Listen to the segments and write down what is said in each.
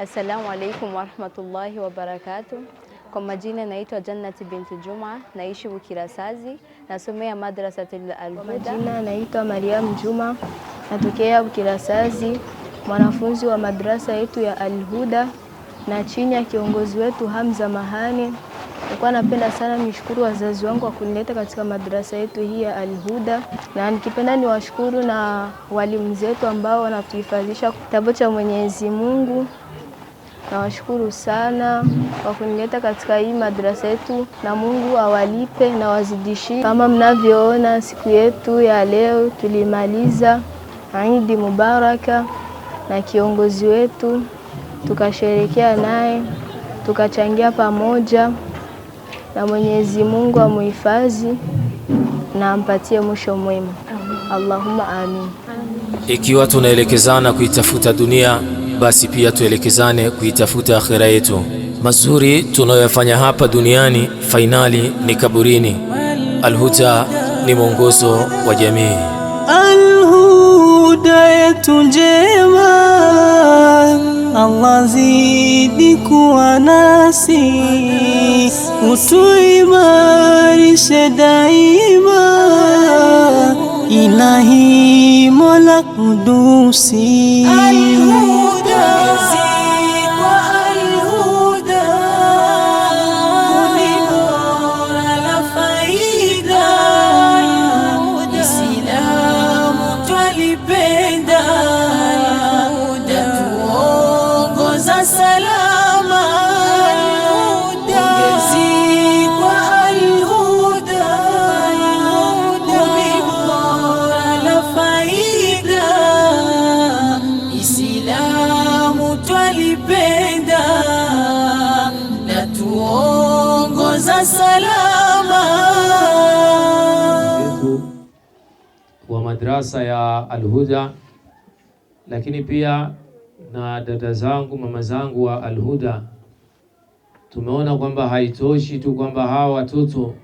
Assalamu alaikum warahmatullahi wabarakatuh. Kwa majina naitwa Jannati binti Juma, naishi Bukirasazi, nasomea madrasatul Alhuda. Kwa majina naitwa Mariam Juma, natokea Bukirasazi, mwanafunzi wa madrasa yetu ya Alhuda na chini ya kiongozi wetu Hamza Mahani. Nilikuwa napenda sana nishukuru wazazi wangu kwa kunileta katika madrasa yetu hii ya Alhuda, na nikipenda niwashukuru na walimu zetu ambao wanatuhifadhisha kitabu cha Mwenyezi Mungu. Nawashukuru sana kwa kunileta katika hii madrasa yetu, na Mungu awalipe na wazidishi. Kama mnavyoona, siku yetu ya leo tulimaliza Idi Mubaraka na kiongozi wetu, tukasherekea naye tukachangia pamoja, na Mwenyezi Mungu amuhifadhi na ampatie mwisho mwema. Allahumma amin. Ikiwa tunaelekezana kuitafuta dunia basi pia tuelekezane kuitafuta akhira yetu. Mazuri tunayoyafanya hapa duniani, fainali ni kaburini. Alhuda ni mwongozo wa jamii. Alhuda yetu njema, Allah zidi kuwa nasi, utuimarishe daima, Ilahi Mola Kudusi. madrasa ya Alhuda, lakini pia na dada zangu mama zangu wa Alhuda, tumeona kwamba haitoshi tu kwamba hawa watoto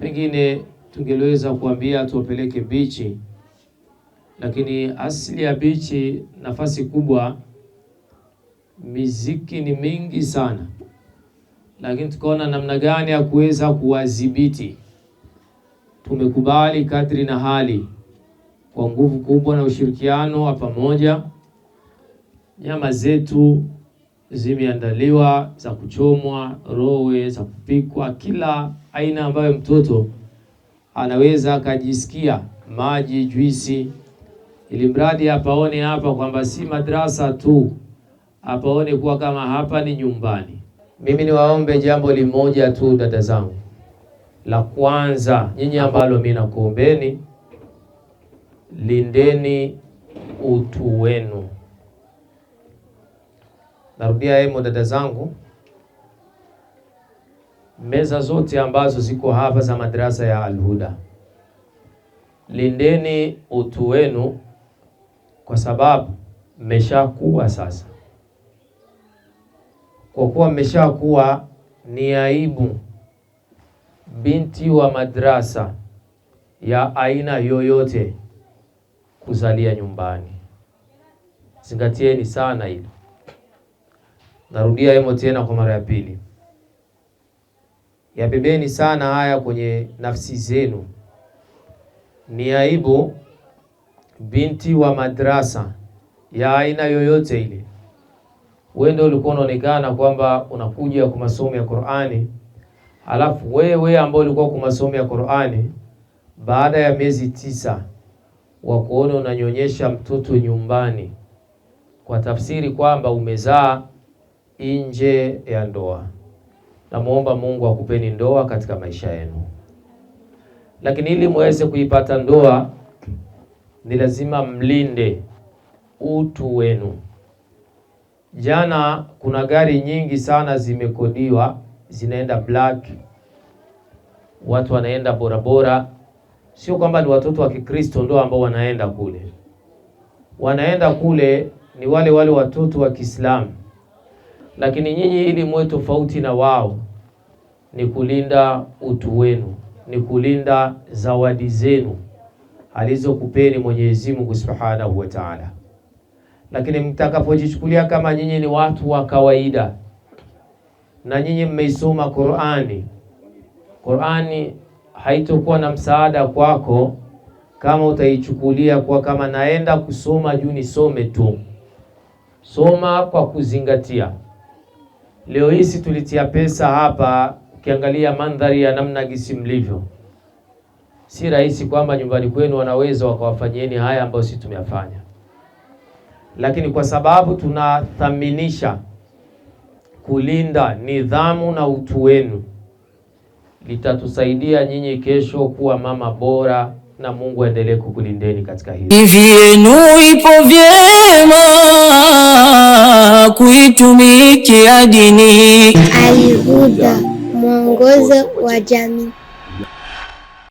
pengine tungeweza kuambia tuwapeleke bichi, lakini asili ya bichi nafasi kubwa, miziki ni mingi sana, lakini tukaona namna gani ya kuweza kuwadhibiti tumekubali kadri na hali kwa nguvu kubwa na ushirikiano wa pamoja. Nyama zetu zimeandaliwa za kuchomwa, rowe za kupikwa, kila aina ambayo mtoto anaweza akajisikia, maji, juisi, ili mradi apaone hapa kwamba si madrasa tu, apaone kuwa kama hapa ni nyumbani. Mimi niwaombe jambo limoja tu, dada zangu. La kwanza nyinyi ambalo mimi nakuombeni, lindeni utu wenu. Narudia hemo, dada zangu, meza zote ambazo ziko hapa za madrasa ya Alhuda, lindeni utu wenu, kwa sababu mmeshakuwa sasa. Kwa kuwa mmeshakuwa, ni aibu binti wa madrasa ya aina yoyote kuzalia nyumbani. Zingatieni sana hilo. Narudia hemo tena kwa mara ya pili, yabebeni sana haya kwenye nafsi zenu. Ni aibu binti wa madrasa ya aina yoyote ile. Wewe ndio ulikuwa unaonekana kwamba unakuja kwa masomo ya Qur'ani Alafu wewe ambao ulikuwa kwa masomo ya Qur'ani, baada ya miezi tisa wa kuona unanyonyesha mtoto nyumbani, kwa tafsiri kwamba umezaa nje ya ndoa. Namwomba Mungu akupeni ndoa katika maisha yenu, lakini ili muweze kuipata ndoa ni lazima mlinde utu wenu. Jana kuna gari nyingi sana zimekodiwa zinaenda black watu wanaenda Borabora. Sio kwamba ni watoto wa Kikristo ndio ambao wanaenda kule, wanaenda kule ni wale wale watoto wa Kiislamu, lakini nyinyi ili muwe tofauti na wao ni kulinda utu wenu, ni kulinda zawadi zenu alizokupeni Mwenyezi Mungu Subhanahu wa Ta'ala. Lakini mtakapojichukulia kama nyinyi ni watu wa kawaida na nyinyi mmeisoma Qur'ani Qur'ani haitokuwa na msaada kwako kama utaichukulia kwa kama naenda kusoma juu nisome tu. Soma kwa kuzingatia. Leo hisi tulitia pesa hapa, ukiangalia mandhari ya namna gisi mlivyo, si rahisi kwamba nyumbani kwenu wanaweza wakawafanyieni haya ambayo sisi tumeyafanya, lakini kwa sababu tunathaminisha kulinda nidhamu na utu wenu litatusaidia nyinyi kesho kuwa mama bora, na Mungu aendelee kukulindeni katika hili. Hivi yenu ipo vyema kuitumikia dini. Al mwongozo wa jamii.